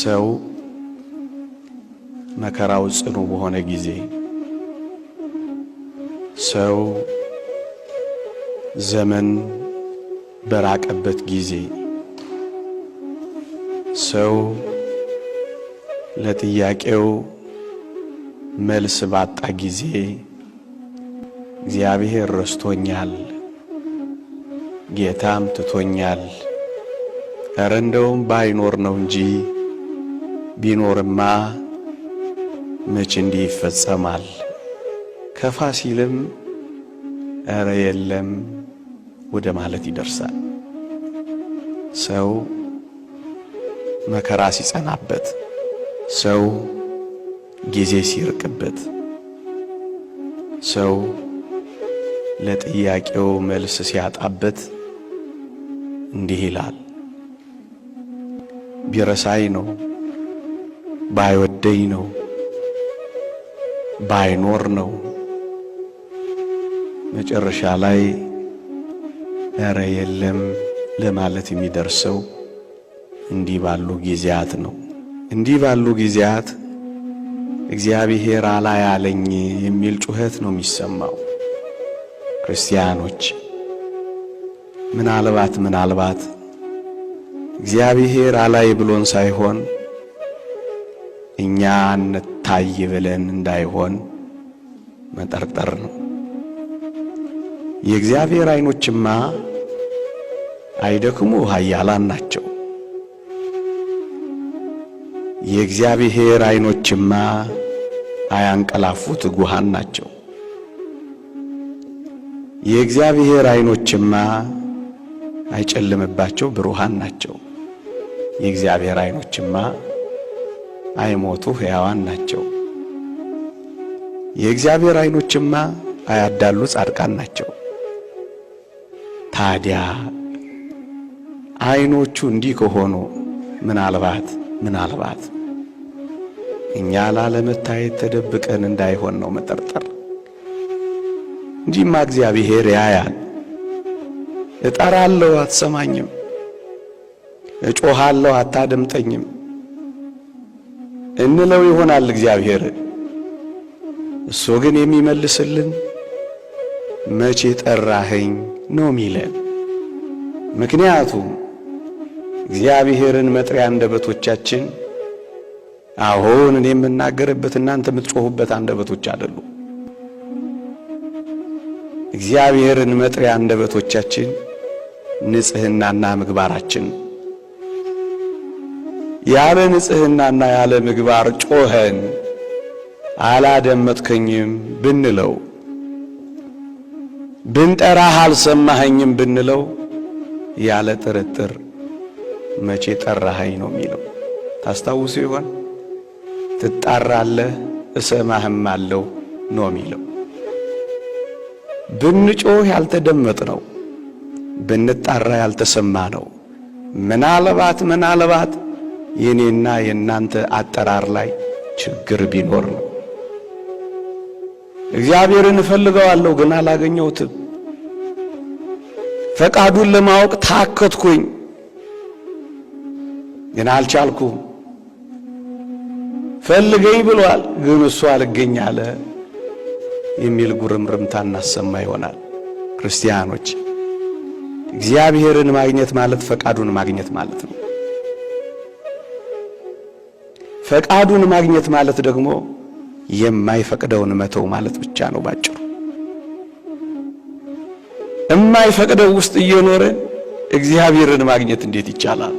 ሰው መከራው ጽኑ በሆነ ጊዜ ሰው ዘመን በራቀበት ጊዜ ሰው ለጥያቄው መልስ ባጣ ጊዜ እግዚአብሔር ረስቶኛል፣ ጌታም ትቶኛል፣ እረ እንደውም ባይኖር ነው እንጂ ቢኖርማ መች እንዲህ ይፈጸማል? ከፋ ሲልም እረ የለም ወደ ማለት ይደርሳል። ሰው መከራ ሲጸናበት፣ ሰው ጊዜ ሲርቅበት፣ ሰው ለጥያቄው መልስ ሲያጣበት እንዲህ ይላል፣ ቢረሳይ ነው ባይወደኝ ነው ባይኖር ነው። መጨረሻ ላይ እረ የለም ለማለት የሚደርሰው እንዲህ ባሉ ጊዜያት ነው። እንዲህ ባሉ ጊዜያት እግዚአብሔር አላ ያለኝ የሚል ጩኸት ነው የሚሰማው። ክርስቲያኖች ምናልባት ምናልባት እግዚአብሔር አላይ ብሎን ሳይሆን እኛ እንታይ ብለን እንዳይሆን መጠርጠር ነው። የእግዚአብሔር ዓይኖችማ አይደክሙ፣ ኃያላን ናቸው። የእግዚአብሔር ዓይኖችማ አያንቀላፉ፣ ትጉሃን ናቸው። የእግዚአብሔር ዓይኖችማ አይጨልምባቸው፣ ብሩሃን ናቸው። የእግዚአብሔር ዓይኖችማ አይሞቱ ሕያዋን ናቸው። የእግዚአብሔር ዓይኖችማ አያዳሉ ጻድቃን ናቸው። ታዲያ ዓይኖቹ እንዲህ ከሆኑ ምናልባት ምናልባት እኛ ላለመታየት ተደብቀን እንዳይሆን ነው መጠርጠር እንጂማ እግዚአብሔር ያያል። እጠራለሁ አትሰማኝም፣ እጮኻለሁ አታደምጠኝም እንለው ይሆናል እግዚአብሔር። እሱ ግን የሚመልስልን መቼ ጠራኸኝ ነው ሚለ ምክንያቱም እግዚአብሔርን መጥሪያ አንደበቶቻችን አሁን እኔ የምናገርበት እናንተ የምትጮሁበት አንደበቶች አይደሉ። እግዚአብሔርን መጥሪያ አንደበቶቻችን ንጽህናና ምግባራችን ያለ ንጽህናና ያለ ምግባር ጮኸን አላደመጥከኝም ብንለው ብንጠራህ አልሰማኸኝም ብንለው ያለ ጥርጥር መቼ ጠራኸኝ ነው የሚለው። ታስታውሱ ይሆን? ትጣራለህ እሰማህም አለው ነው የሚለው። ብንጮህ ያልተደመጥ ነው፣ ብንጣራ ያልተሰማ ነው። ምናልባት ምናልባት የእኔና የእናንተ አጠራር ላይ ችግር ቢኖር ነው። እግዚአብሔርን እፈልገዋለሁ ግን አላገኘሁትም። ፈቃዱን ለማወቅ ታከትኩኝ ግን አልቻልኩም። ፈልገኝ ብሏል ግን እሱ አልገኝ አለ የሚል ጉርምርምታ እናሰማ ይሆናል። ክርስቲያኖች፣ እግዚአብሔርን ማግኘት ማለት ፈቃዱን ማግኘት ማለት ነው። ፈቃዱን ማግኘት ማለት ደግሞ የማይፈቅደውን መተው ማለት ብቻ ነው ባጭሩ። የማይፈቅደው ውስጥ እየኖረ እግዚአብሔርን ማግኘት እንዴት ይቻላል?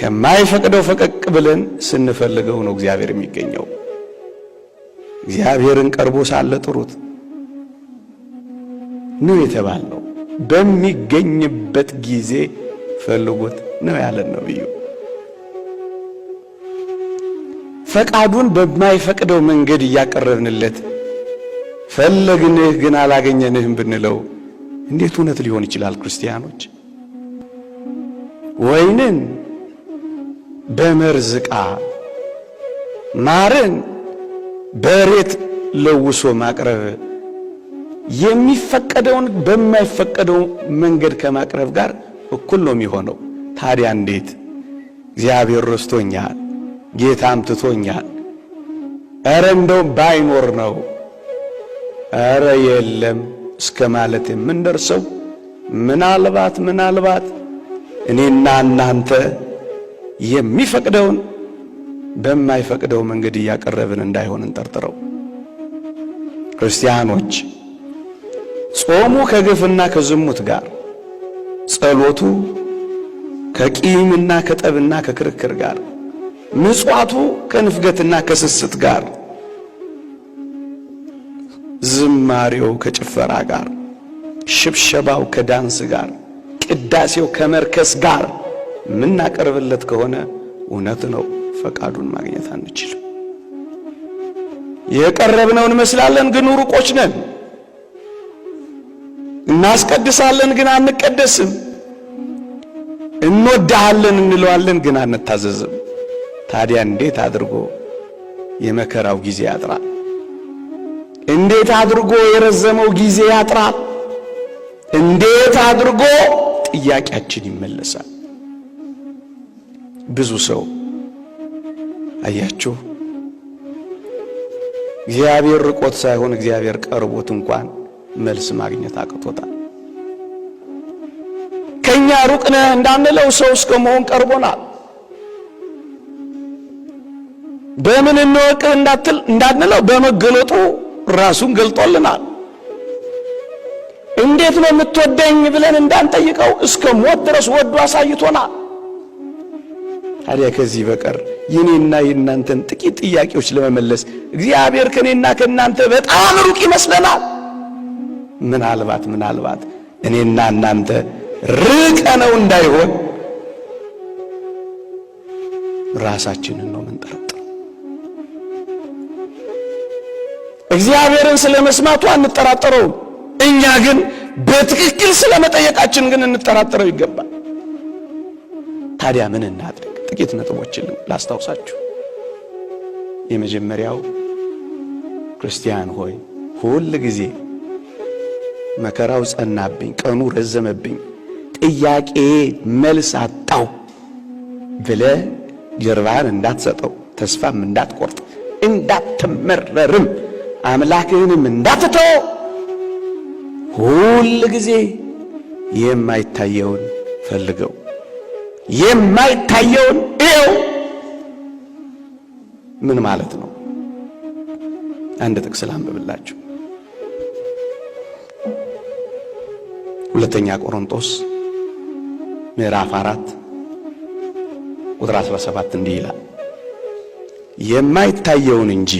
ከማይፈቅደው ፈቀቅ ብለን ስንፈልገው ነው እግዚአብሔር የሚገኘው። እግዚአብሔርን ቀርቦ ሳለ ጥሩት ነው የተባለው። በሚገኝበት ጊዜ ፈልጉት ነው ያለን ነብዩ። ፈቃዱን በማይፈቅደው መንገድ እያቀረብንለት ፈለግንህ ግን አላገኘንህም ብንለው እንዴት እውነት ሊሆን ይችላል? ክርስቲያኖች ወይንን በመርዝ ዕቃ ማርን በሬት ለውሶ ማቅረብ የሚፈቀደውን በማይፈቀደው መንገድ ከማቅረብ ጋር እኩል ነው የሚሆነው። ታዲያ እንዴት እግዚአብሔር ረስቶኛል ጌታም አምጥቶኛል። ኧረ እንደውም ባይኖር ነው ኧረ የለም እስከ ማለት የምንደርሰው ምናልባት ምናልባት እኔና እናንተ የሚፈቅደውን በማይፈቅደው መንገድ እያቀረብን እንዳይሆን እንጠርጥረው። ክርስቲያኖች ጾሙ ከግፍና ከዝሙት ጋር፣ ጸሎቱ ከቂምና ከጠብና ከክርክር ጋር ምጽዋቱ ከንፍገትና ከስስት ጋር፣ ዝማሬው ከጭፈራ ጋር፣ ሽብሸባው ከዳንስ ጋር፣ ቅዳሴው ከመርከስ ጋር የምናቀርብለት ከሆነ እውነት ነው ፈቃዱን ማግኘት አንችልም። የቀረብነው እንመስላለን ግን ሩቆች ነን። እናስቀድሳለን ግን አንቀደስም። እንወዳሃለን እንለዋለን ግን አንታዘዝም። ታዲያ እንዴት አድርጎ የመከራው ጊዜ ያጥራል? እንዴት አድርጎ የረዘመው ጊዜ ያጥራል? እንዴት አድርጎ ጥያቄያችን ይመለሳል? ብዙ ሰው አያችሁ፣ እግዚአብሔር ርቆት ሳይሆን እግዚአብሔር ቀርቦት እንኳን መልስ ማግኘት አቅቶታል። ከኛ ሩቅ ነህ እንዳንለው ሰው እስከ መሆን ቀርቦናል። በምን እንወቅህ እንዳትል እንዳንለው በመገለጡ ራሱን ገልጦልናል። እንዴት ነው የምትወደኝ ብለን እንዳንጠይቀው እስከ ሞት ድረስ ወዶ አሳይቶናል። ታዲያ ከዚህ በቀር የኔና የእናንተን ጥቂት ጥያቄዎች ለመመለስ እግዚአብሔር ከኔና ከእናንተ በጣም ሩቅ ይመስለናል። ምናልባት ምናልባት እኔና እናንተ ርቀ ነው እንዳይሆን ራሳችንን ነው ምንጠረው። እግዚአብሔርን ስለ መስማቱ አንጠራጠረውም። እኛ ግን በትክክል ስለ መጠየቃችን ግን እንጠራጠረው ይገባል። ታዲያ ምን እናድርግ? ጥቂት ነጥቦችን ላስታውሳችሁ። የመጀመሪያው ክርስቲያን ሆይ ሁል ጊዜ መከራው ጸናብኝ፣ ቀኑ ረዘመብኝ፣ ጥያቄ መልስ አጣው ብለ ጀርባን እንዳትሰጠው፣ ተስፋም እንዳትቆርጥ፣ እንዳትመረርም አምላክህንም እንዳትተው ሁል ጊዜ የማይታየውን ፈልገው፣ የማይታየውን እየው። ምን ማለት ነው? አንድ ጥቅስ ላንብብላችሁ። ሁለተኛ ቆሮንቶስ ምዕራፍ አራት ቁጥር 17 እንዲህ ይላል የማይታየውን እንጂ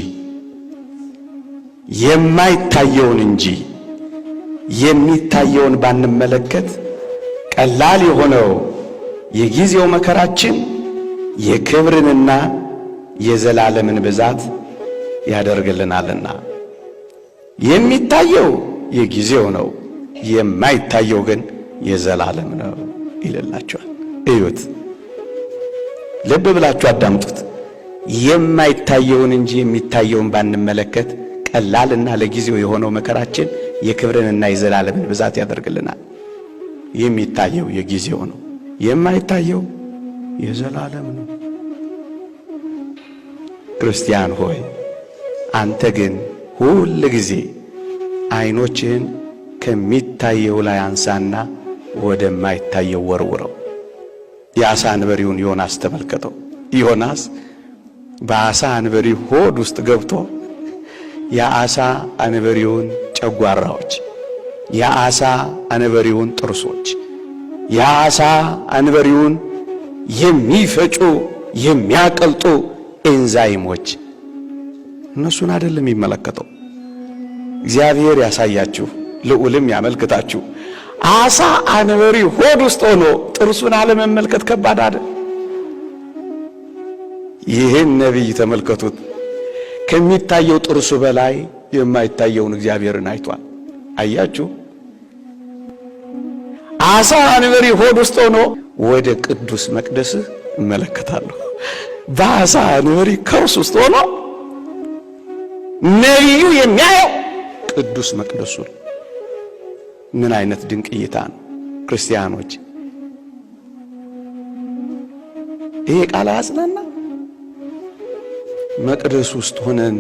የማይታየውን እንጂ የሚታየውን ባንመለከት ቀላል የሆነው የጊዜው መከራችን የክብርንና የዘላለምን ብዛት ያደርግልናልና የሚታየው የጊዜው ነው፣ የማይታየው ግን የዘላለም ነው ይልላቸዋል። እዩት፣ ልብ ብላችሁ አዳምጡት። የማይታየውን እንጂ የሚታየውን ባንመለከት ቀላልና ለጊዜው የሆነው መከራችን የክብርንና የዘላለምን ብዛት ያደርግልናል። የሚታየው የጊዜው ነው፣ የማይታየው የዘላለም ነው። ክርስቲያን ሆይ አንተ ግን ሁል ጊዜ አይኖችን ከሚታየው ላይ አንሳና ወደማይታየው ወርውረው። የአሳ አንበሪውን ዮናስ ተመልከተው። ዮናስ በአሳ አንበሪ ሆድ ውስጥ ገብቶ የአሳ አንበሪውን ጨጓራዎች፣ የአሳ አንበሪውን ጥርሶች፣ የአሳ አንበሪውን የሚፈጩ የሚያቀልጡ ኤንዛይሞች እነሱን አይደለም የሚመለከተው። እግዚአብሔር ያሳያችሁ፣ ልዑልም ያመልክታችሁ። አሳ አንበሪ ሆድ ውስጥ ሆኖ ጥርሱን አለመመልከት ከባድ አይደል? ይህን ነቢይ ተመልከቱት። ከሚታየው ጥርሱ በላይ የማይታየውን እግዚአብሔርን አይቷል። አያችሁ፣ አሳ አንበሪ ሆድ ውስጥ ሆኖ ወደ ቅዱስ መቅደስ እመለከታለሁ። በአሳ አንበሪ ከርስ ውስጥ ሆኖ ነቢዩ የሚያየው ቅዱስ መቅደሱን። ምን አይነት ድንቅ እይታ ነው! ክርስቲያኖች፣ ይሄ ቃል አያጽናና? መቅደስ ውስጥ ሆነን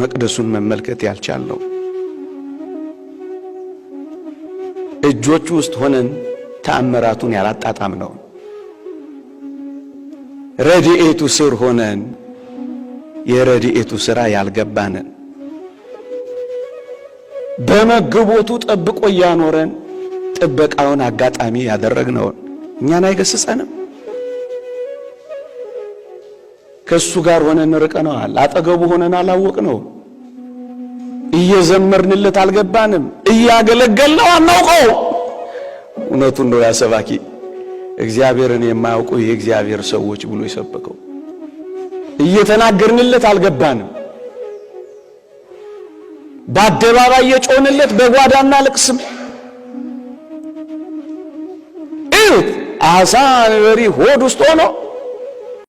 መቅደሱን መመልከት ያልቻልነው እጆቹ ውስጥ ሆነን ተአምራቱን ያላጣጣም ነው። ረድኤቱ ስር ሆነን የረድኤቱ ሥራ ያልገባንን በመግቦቱ ጠብቆ እያኖረን ጥበቃውን አጋጣሚ ያደረግነውን እኛን አይገስጸንም። ከእሱ ጋር ሆነን ርቀነዋል። አጠገቡ ሆነን አላወቅ ነው። እየዘመርንለት አልገባንም። እያገለገልነው አናውቀው። እውነቱን ነው ያሰባኪ እግዚአብሔርን የማያውቁ የእግዚአብሔር ሰዎች ብሎ የሰበከው እየተናገርንለት አልገባንም። በአደባባይ የጮንለት በጓዳና ልቅስም እት አሳ በሪ ሆድ ውስጥ ሆኖ